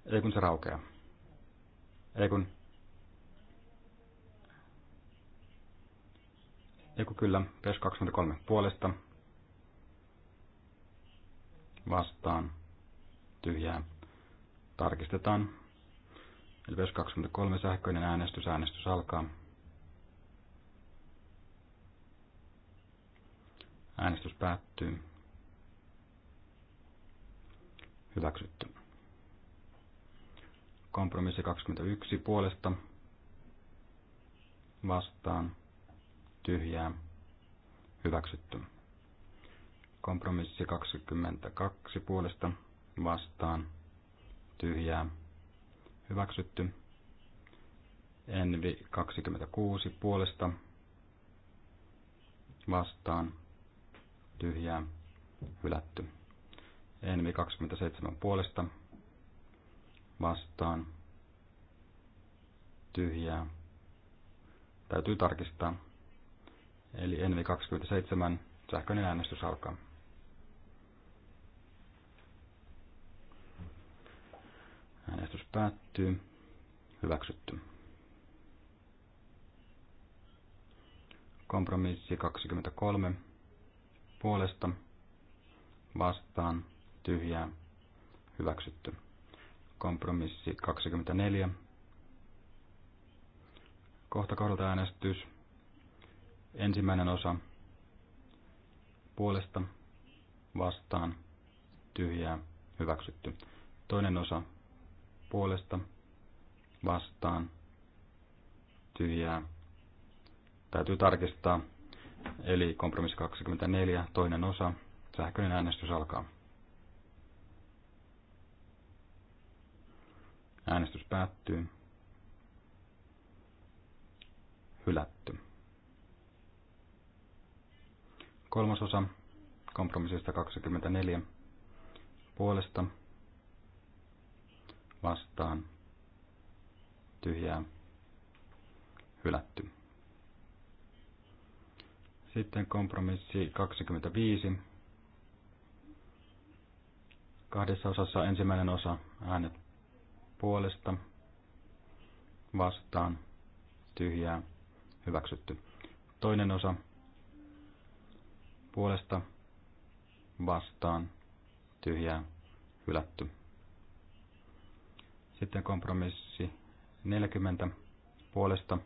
Ei kun se raukeaa. Ei kun... Ei kun kyllä, Pes 23 puolesta. Vastaan. Tyhjää. Tarkistetaan. Eli Pes 23 sähköinen äänestys. Äänestys alkaa. Äänestys päättyy. Hyväksytty. Kompromissi 21 puolesta. Vastaan. Tyhjää. Hyväksytty. Kompromissi 22 puolesta. Vastaan. Tyhjää. Hyväksytty. Envi 26 puolesta. Vastaan tyhjää, hylätty. Enemi 27 puolesta, vastaan, tyhjää, täytyy tarkistaa. Eli Enemi 27, sähköinen äänestys alkaa. Äänestys päättyy. Hyväksytty. Kompromissi 23 puolesta vastaan tyhjää hyväksytty. Kompromissi 24. Kohta kohdalta äänestys. Ensimmäinen osa puolesta vastaan tyhjää hyväksytty. Toinen osa puolesta vastaan tyhjää. Täytyy tarkistaa. Eli kompromissi 24, toinen osa, sähköinen äänestys alkaa. Äänestys päättyy. Hylätty. osa kompromissista 24 puolesta vastaan tyhjää hylätty. Sitten kompromissi 25. Kahdessa osassa ensimmäinen osa äänet puolesta, vastaan, tyhjää, hyväksytty. Toinen osa puolesta, vastaan, tyhjää, hylätty. Sitten kompromissi 40 puolesta,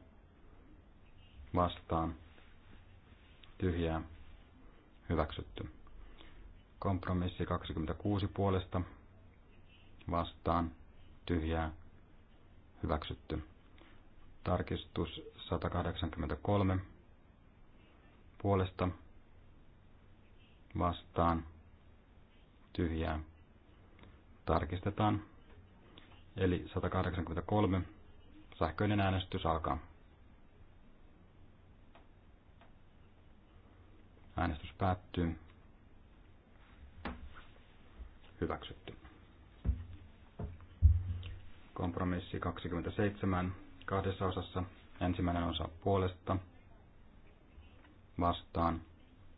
vastaan, tyhjää hyväksytty. Kompromissi 26 puolesta vastaan tyhjää hyväksytty. Tarkistus 183 puolesta vastaan tyhjää tarkistetaan. Eli 183 sähköinen äänestys alkaa. Äänestys päättyy. Hyväksytty. Kompromissi 27 kahdessa osassa. Ensimmäinen osa puolesta, vastaan,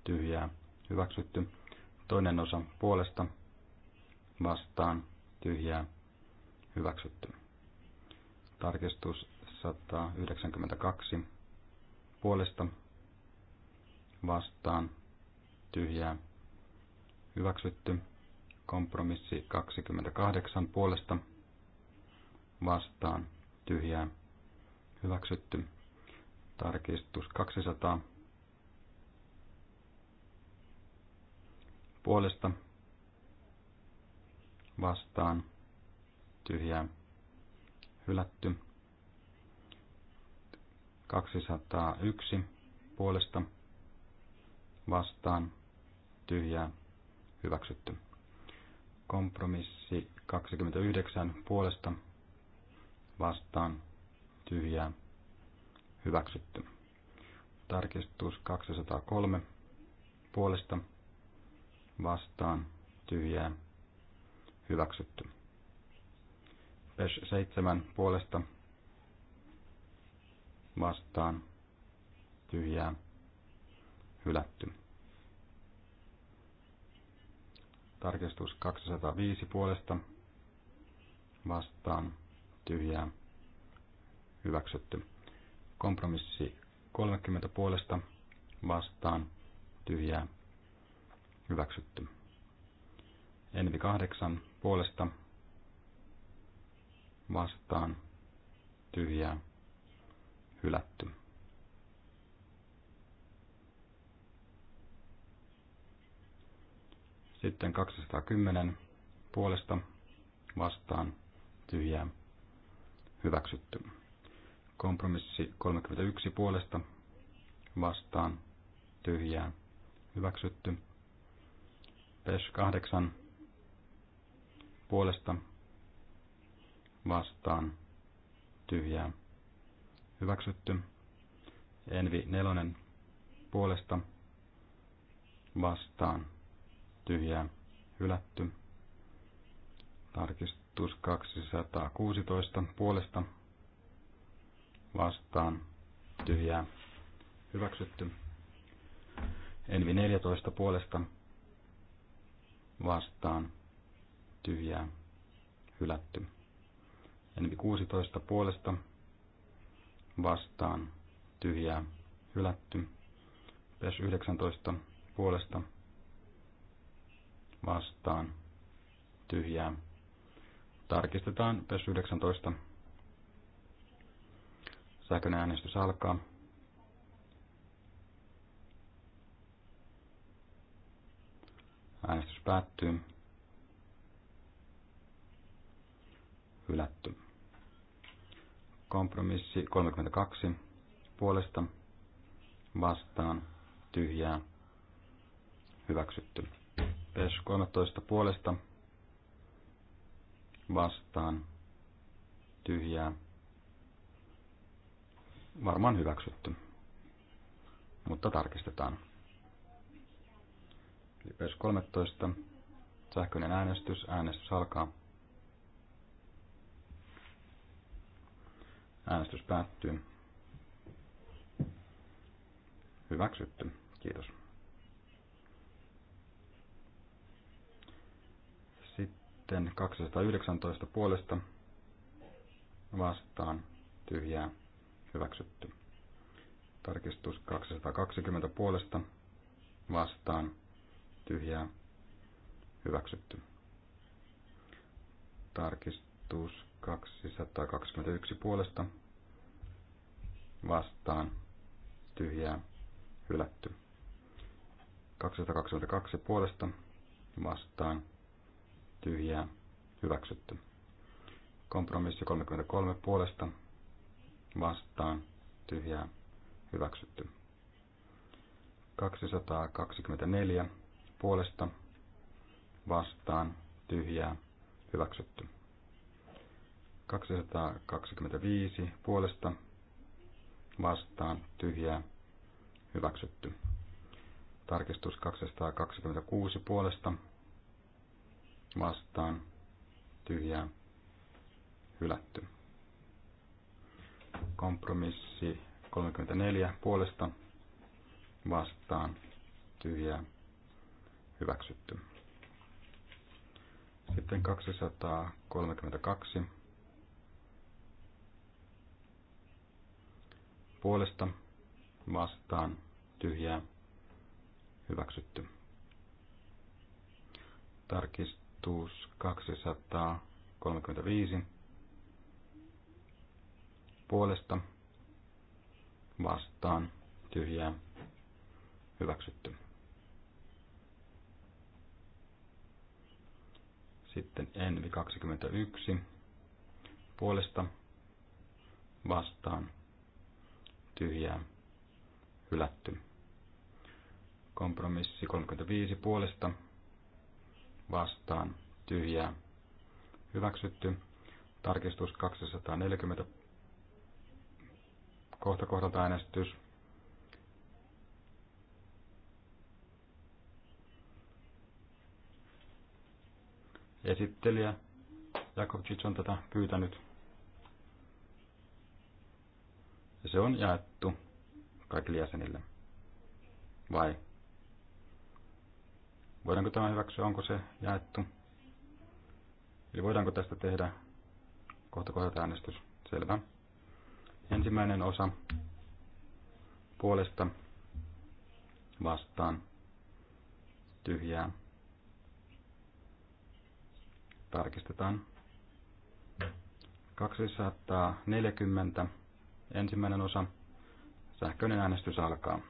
tyhjää, hyväksytty. Toinen osa puolesta, vastaan, tyhjää, hyväksytty. Tarkistus 192 puolesta, vastaan tyhjää hyväksytty. Kompromissi 28 puolesta vastaan tyhjää hyväksytty. Tarkistus 200 puolesta vastaan tyhjää hylätty. 201 puolesta vastaan tyhjää hyväksytty. Kompromissi 29 puolesta vastaan tyhjää hyväksytty. Tarkistus 203 puolesta vastaan tyhjää hyväksytty. PES 7 puolesta vastaan tyhjää hyväksytty hylätty. Tarkistus 205 puolesta vastaan tyhjää hyväksytty. Kompromissi 30 puolesta vastaan tyhjää hyväksytty. Envi 8 puolesta vastaan tyhjää hylätty. Sitten 210 puolesta vastaan tyhjää hyväksytty. Kompromissi 31 puolesta vastaan tyhjää hyväksytty. PES 8 puolesta vastaan tyhjää hyväksytty. Envi 4 puolesta vastaan tyhjää hylätty. Tarkistus 216 puolesta vastaan tyhjää hyväksytty. Envi 14 puolesta vastaan tyhjää hylätty. Envi 16 puolesta vastaan tyhjää hylätty. PES 19 puolesta vastaan vastaan tyhjää. Tarkistetaan PES 19. Sähköinen äänestys alkaa. Äänestys päättyy. Hylätty. Kompromissi 32. Puolesta vastaan tyhjää. Hyväksytty. Pes 13 puolesta vastaan tyhjää. Varmaan hyväksytty, mutta tarkistetaan. Eli 13 sähköinen äänestys, äänestys alkaa. Äänestys päättyy. Hyväksytty. Kiitos. Sitten 219 puolesta vastaan tyhjää hyväksytty. Tarkistus 220 puolesta vastaan tyhjää hyväksytty. Tarkistus 221 puolesta vastaan tyhjää hylätty. 222 puolesta vastaan tyhjää hyväksytty. Kompromissi 33 puolesta vastaan tyhjää hyväksytty. 224 puolesta vastaan tyhjää hyväksytty. 225 puolesta vastaan tyhjää hyväksytty. Tarkistus 226 puolesta vastaan tyhjää hylätty. Kompromissi 34 puolesta vastaan tyhjää hyväksytty. Sitten 232 puolesta vastaan tyhjää hyväksytty. Tarkistus tarkistus 235 puolesta vastaan tyhjää hyväksytty. Sitten Envi 21 puolesta vastaan tyhjää hylätty. Kompromissi 35 puolesta vastaan tyhjää hyväksytty. Tarkistus 240 kohta kohdalta äänestys. Esittelijä Jakovčić on tätä pyytänyt. Ja se on jaettu kaikille jäsenille. Vai Voidaanko tämä hyväksyä? Onko se jaettu? Eli voidaanko tästä tehdä kohta kohdalta äänestys? Selvä. Ensimmäinen osa puolesta vastaan tyhjää. Tarkistetaan. 240 ensimmäinen osa. Sähköinen äänestys alkaa.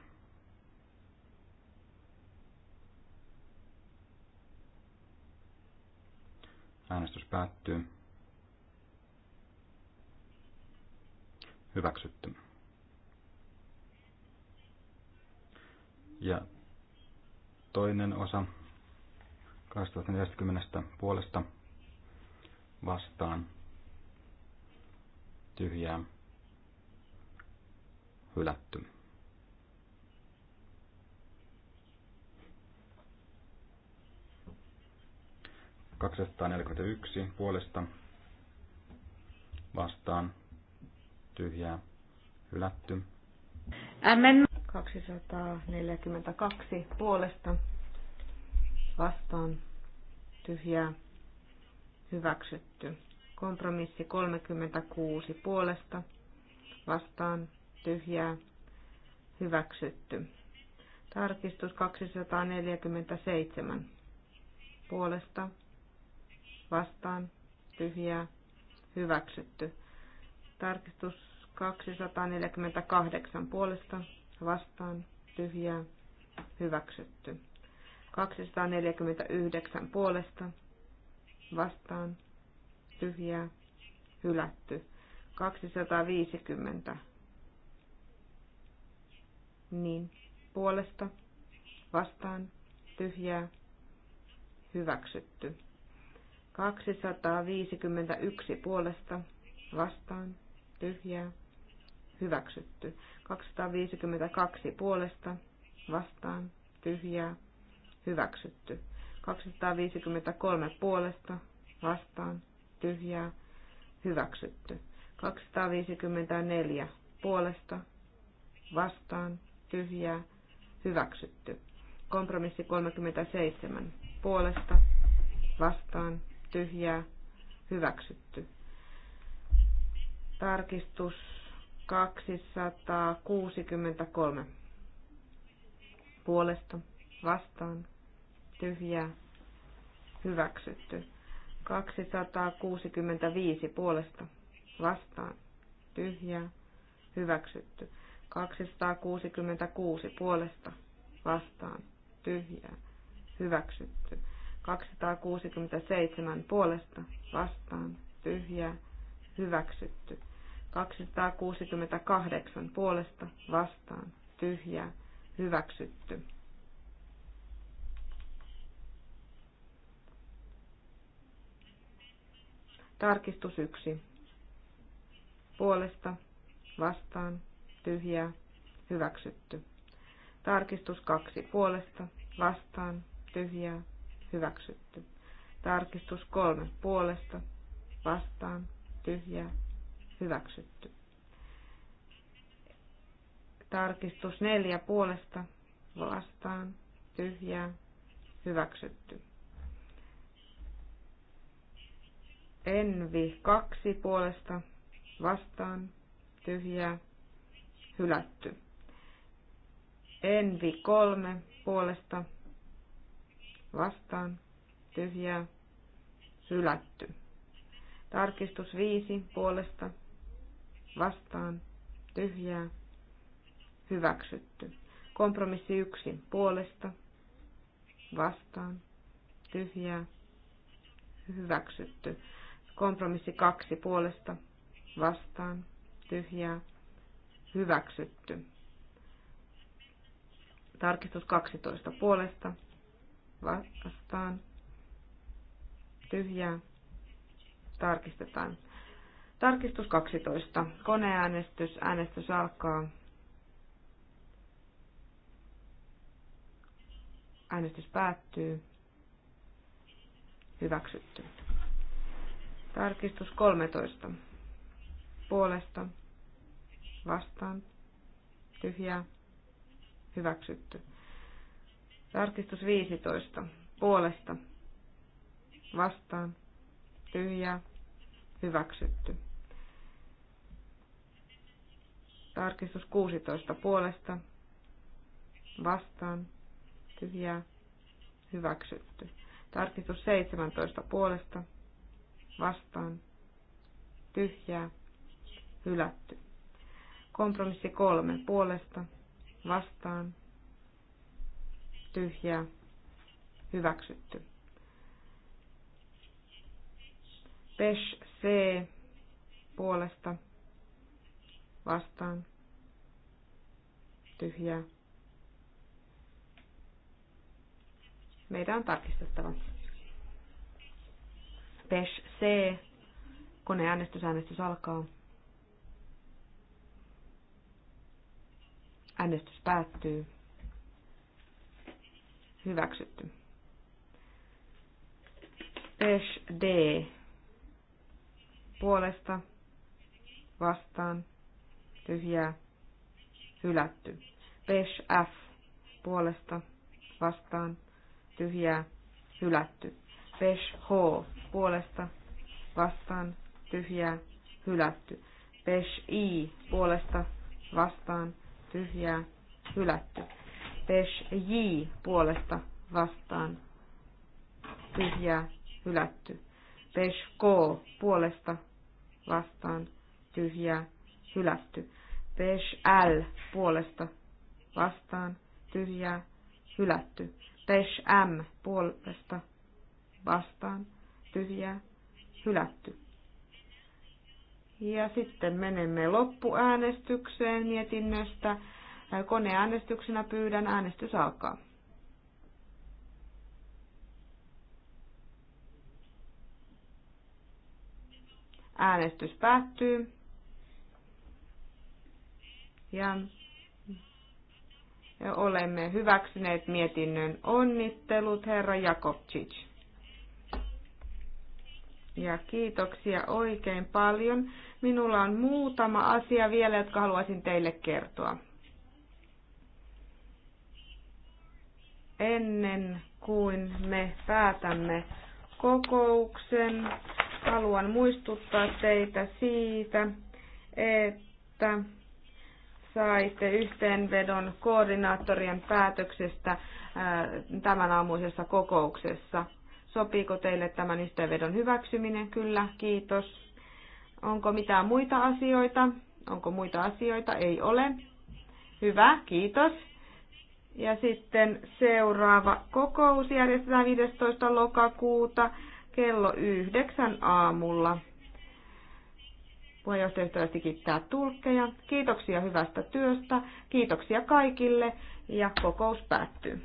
Äänestys päättyy. Hyväksytty. Ja toinen osa 2040 puolesta vastaan tyhjää hylätty. 241 puolesta vastaan tyhjää hylätty. MN 242 puolesta vastaan tyhjää hyväksytty. Kompromissi 36 puolesta vastaan tyhjää hyväksytty. Tarkistus 247 puolesta vastaan tyhjää hyväksytty. Tarkistus 248 puolesta vastaan tyhjää hyväksytty. 249 puolesta vastaan tyhjää hylätty. 250 niin puolesta vastaan tyhjää hyväksytty. 251 puolesta vastaan tyhjää hyväksytty. 252 puolesta vastaan tyhjää hyväksytty. 253 puolesta vastaan tyhjää hyväksytty. 254 puolesta vastaan tyhjää hyväksytty. Kompromissi 37 puolesta vastaan tyhjä hyväksytty. Tarkistus 263. Puolesta, vastaan, tyhjää, hyväksytty. 265 puolesta, vastaan, tyhjää, hyväksytty. 266 puolesta, vastaan, tyhjää, hyväksytty. 267 puolesta vastaan tyhjää hyväksytty. 268 puolesta vastaan tyhjää hyväksytty. Tarkistus 1. Puolesta vastaan tyhjää hyväksytty. Tarkistus 2. Puolesta vastaan tyhjää hyväksytty. Tarkistus kolme puolesta, vastaan, tyhjää, hyväksytty. Tarkistus neljä puolesta, vastaan, tyhjää, hyväksytty. Envi kaksi puolesta, vastaan, tyhjää, hylätty. Envi kolme puolesta, vastaan, tyhjää, hylätty. Tarkistus viisi puolesta, vastaan, tyhjää, hyväksytty. Kompromissi yksi puolesta, vastaan, tyhjää, hyväksytty. Kompromissi kaksi puolesta, vastaan, tyhjää, hyväksytty. Tarkistus 12 puolesta, vastaan tyhjää tarkistetaan. Tarkistus 12. Koneäänestys. Äänestys alkaa. Äänestys päättyy. Hyväksytty. Tarkistus 13. Puolesta. Vastaan. Tyhjää. Hyväksytty. Tarkistus 15. Puolesta. Vastaan. Tyhjää. Hyväksytty. Tarkistus 16. Puolesta. Vastaan. Tyhjää. Hyväksytty. Tarkistus 17. Puolesta. Vastaan. Tyhjää. Hylätty. Kompromissi 3. Puolesta. Vastaan tyhjä, hyväksytty. Pesh C puolesta vastaan tyhjä. Meidän on tarkistettava. Pesh C. Koneäänestysäänestys alkaa. Äänestys päättyy. Hyväksytty. Pesh D. Puolesta. Vastaan. Tyhjää. Hylätty. Pesh F. Puolesta. Vastaan. Tyhjää. Hylätty. Pesh H. Puolesta. Vastaan. Tyhjää. Hylätty. Pesh I. Puolesta. Vastaan. Tyhjää. Hylätty. Pesh J puolesta vastaan tyhjää hylätty. Pesh K puolesta vastaan tyhjää hylätty. Pesh L puolesta vastaan tyhjää hylätty. Pesh M puolesta vastaan tyhjää hylätty. Ja sitten menemme loppuäänestykseen mietinnöstä. Koneäänestyksenä pyydän äänestys alkaa. Äänestys päättyy. Ja olemme hyväksyneet mietinnön onnittelut, herra Jakobčić. Ja kiitoksia oikein paljon. Minulla on muutama asia vielä, jotka haluaisin teille kertoa. ennen kuin me päätämme kokouksen, haluan muistuttaa teitä siitä, että saitte yhteenvedon koordinaattorien päätöksestä äh, tämän aamuisessa kokouksessa. Sopiiko teille tämän yhteenvedon hyväksyminen? Kyllä, kiitos. Onko mitään muita asioita? Onko muita asioita? Ei ole. Hyvä, kiitos. Ja sitten seuraava kokous järjestetään 15. lokakuuta kello 9 aamulla. Puheenjohtajaystävästi kiittää tulkkeja. Kiitoksia hyvästä työstä. Kiitoksia kaikille ja kokous päättyy.